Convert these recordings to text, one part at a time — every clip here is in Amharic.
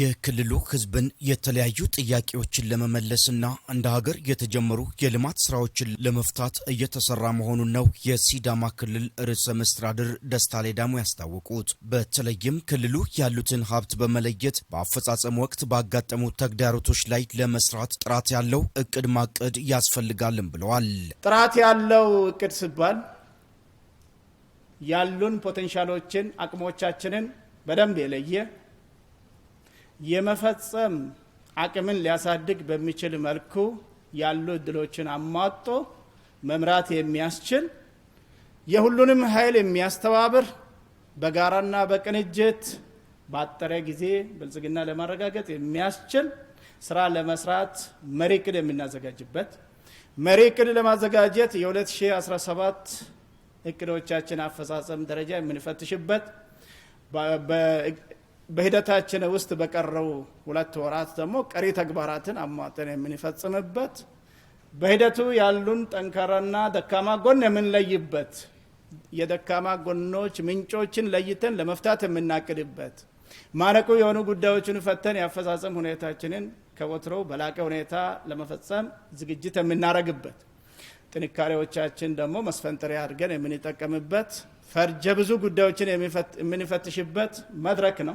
የክልሉ ህዝብን የተለያዩ ጥያቄዎችን ለመመለስና እንደ ሀገር የተጀመሩ የልማት ስራዎችን ለመፍታት እየተሰራ መሆኑን ነው የሲዳማ ክልል ርዕሰ መስተዳድር ደስታ ሌዳሞ ያስታወቁት። በተለይም ክልሉ ያሉትን ሀብት በመለየት በአፈጻጸም ወቅት ባጋጠሙ ተግዳሮቶች ላይ ለመስራት ጥራት ያለው እቅድ ማቀድ ያስፈልጋልም ብለዋል። ጥራት ያለው እቅድ ሲባል ያሉን ፖቴንሻሎችን አቅሞቻችንን በደንብ የለየ የመፈጸም አቅምን ሊያሳድግ በሚችል መልኩ ያሉ እድሎችን አሟጦ መምራት የሚያስችል የሁሉንም ኃይል የሚያስተባብር በጋራና በቅንጅት ባጠረ ጊዜ ብልጽግና ለማረጋገጥ የሚያስችል ስራ ለመስራት መሪ እቅድ የምናዘጋጅበት መሪ እቅድ ለማዘጋጀት የ2017 እቅዶቻችን አፈጻጸም ደረጃ የምንፈትሽበት በሂደታችን ውስጥ በቀረው ሁለት ወራት ደግሞ ቀሪ ተግባራትን አሟጠን የምንፈጽምበት በሂደቱ ያሉን ጠንካራና ደካማ ጎን የምንለይበት የደካማ ጎኖች ምንጮችን ለይተን ለመፍታት የምናቅድበት ማነቁ የሆኑ ጉዳዮችን ፈተን ያፈጻጸም ሁኔታችንን ከወትሮው በላቀ ሁኔታ ለመፈጸም ዝግጅት የምናረግበት ጥንካሬዎቻችን ደግሞ መስፈንጠሪያ አድርገን የምንጠቀምበት ፈርጀ ብዙ ጉዳዮችን የምንፈትሽበት መድረክ ነው።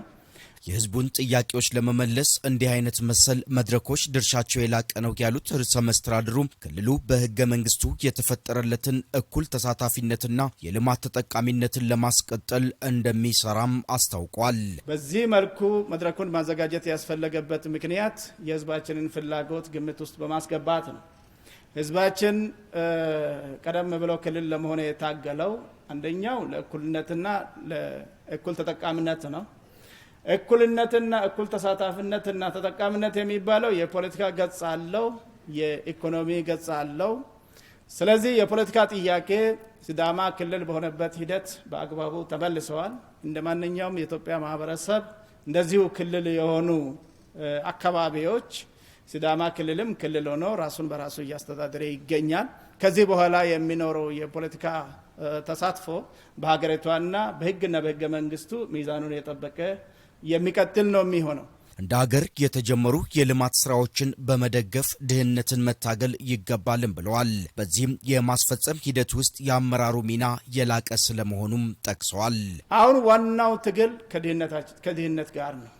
የህዝቡን ጥያቄዎች ለመመለስ እንዲህ አይነት መሰል መድረኮች ድርሻቸው የላቀ ነው ያሉት ርዕሰ መስተዳድሩ ክልሉ በህገ መንግስቱ የተፈጠረለትን እኩል ተሳታፊነትና የልማት ተጠቃሚነትን ለማስቀጠል እንደሚሰራም አስታውቋል። በዚህ መልኩ መድረኩን ማዘጋጀት ያስፈለገበት ምክንያት የህዝባችንን ፍላጎት ግምት ውስጥ በማስገባት ነው። ህዝባችን ቀደም ብለው ክልል ለመሆን የታገለው አንደኛው ለእኩልነትና ለእኩል ተጠቃሚነት ነው። እኩልነትና እኩል ተሳታፊነትና ተጠቃሚነት የሚባለው የፖለቲካ ገጽ አለው፣ የኢኮኖሚ ገጽ አለው። ስለዚህ የፖለቲካ ጥያቄ ሲዳማ ክልል በሆነበት ሂደት በአግባቡ ተመልሰዋል። እንደ ማንኛውም የኢትዮጵያ ማህበረሰብ እንደዚሁ ክልል የሆኑ አካባቢዎች ሲዳማ ክልልም ክልል ሆኖ ራሱን በራሱ እያስተዳደረ ይገኛል። ከዚህ በኋላ የሚኖረው የፖለቲካ ተሳትፎ በሀገሪቷና በህግና በህገ መንግስቱ ሚዛኑን የጠበቀ የሚቀጥል ነው የሚሆነው። እንደ ሀገር የተጀመሩ የልማት ስራዎችን በመደገፍ ድህነትን መታገል ይገባልን ብለዋል። በዚህም የማስፈጸም ሂደት ውስጥ የአመራሩ ሚና የላቀ ስለመሆኑም ጠቅሰዋል። አሁን ዋናው ትግል ከድህነት ጋር ነው።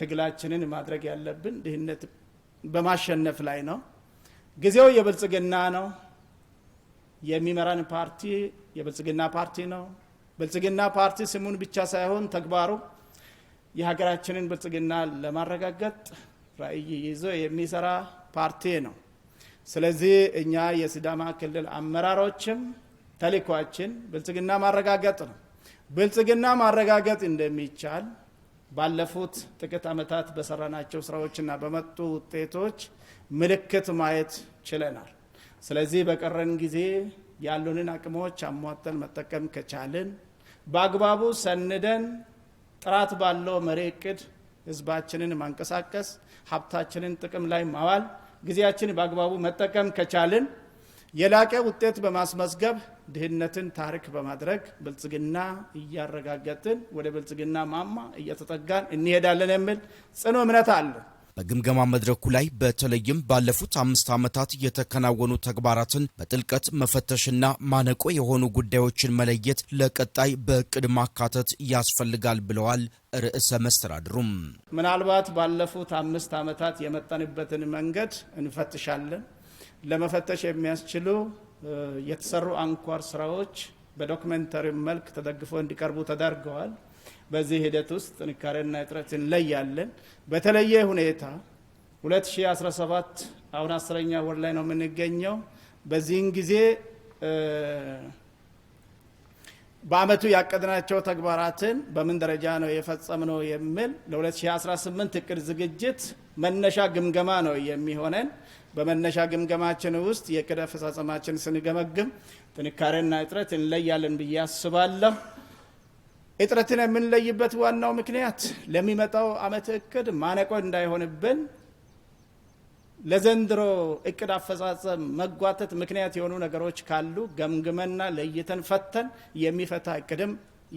ትግላችንን ማድረግ ያለብን ድህነት በማሸነፍ ላይ ነው። ጊዜው የብልጽግና ነው። የሚመራን ፓርቲ የብልጽግና ፓርቲ ነው። ብልጽግና ፓርቲ ስሙን ብቻ ሳይሆን ተግባሩ የሀገራችንን ብልጽግና ለማረጋገጥ ራዕይ ይዞ የሚሰራ ፓርቲ ነው። ስለዚህ እኛ የሲዳማ ክልል አመራሮችም ተልእኳችን ብልጽግና ማረጋገጥ ነው። ብልጽግና ማረጋገጥ እንደሚቻል ባለፉት ጥቂት ዓመታት በሰራናቸው ስራዎችና በመጡ ውጤቶች ምልክት ማየት ችለናል። ስለዚህ በቀረን ጊዜ ያሉንን አቅሞች አሟጠን መጠቀም ከቻልን በአግባቡ ሰንደን ጥራት ባለው መሪ እቅድ ህዝባችንን ማንቀሳቀስ፣ ሀብታችንን ጥቅም ላይ ማዋል፣ ጊዜያችን በአግባቡ መጠቀም ከቻልን የላቀ ውጤት በማስመዝገብ ድህነትን ታሪክ በማድረግ ብልጽግና እያረጋገጥን ወደ ብልጽግና ማማ እየተጠጋን እንሄዳለን የሚል ጽኑ እምነት አለን። በግምገማ መድረኩ ላይ በተለይም ባለፉት አምስት ዓመታት የተከናወኑ ተግባራትን በጥልቀት መፈተሽና ማነቆ የሆኑ ጉዳዮችን መለየት ለቀጣይ በእቅድ ማካተት ያስፈልጋል ብለዋል ርዕሰ መስተዳድሩም። ምናልባት ባለፉት አምስት ዓመታት የመጠንበትን መንገድ እንፈትሻለን። ለመፈተሽ የሚያስችሉ የተሰሩ አንኳር ስራዎች በዶክመንተሪ መልክ ተደግፎ እንዲቀርቡ ተደርገዋል። በዚህ ሂደት ውስጥ ጥንካሬና እጥረት እንለያለን። በተለየ ሁኔታ 2017 አሁን አስረኛ ወር ላይ ነው የምንገኘው። በዚህን ጊዜ በአመቱ ያቀድናቸው ተግባራትን በምን ደረጃ ነው የፈጸምነው የሚል ለ2018 እቅድ ዝግጅት መነሻ ግምገማ ነው የሚሆነን። በመነሻ ግምገማችን ውስጥ የእቅድ አፈጻጸማችን ስንገመግም ጥንካሬና እጥረት እንለያለን ብዬ አስባለሁ። እጥረትን የምንለይበት ዋናው ምክንያት ለሚመጣው አመት እቅድ ማነቆ እንዳይሆንብን ለዘንድሮ እቅድ አፈጻጸም መጓተት ምክንያት የሆኑ ነገሮች ካሉ ገምግመና ለይተን ፈተን የሚፈታ እቅድም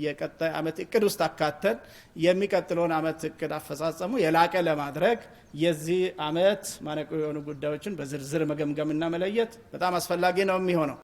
የቀጣይ አመት እቅድ ውስጥ አካተን የሚቀጥለውን አመት እቅድ አፈጻጸሙ የላቀ ለማድረግ የዚህ አመት ማነቆ የሆኑ ጉዳዮችን በዝርዝር መገምገምና መለየት በጣም አስፈላጊ ነው የሚሆነው።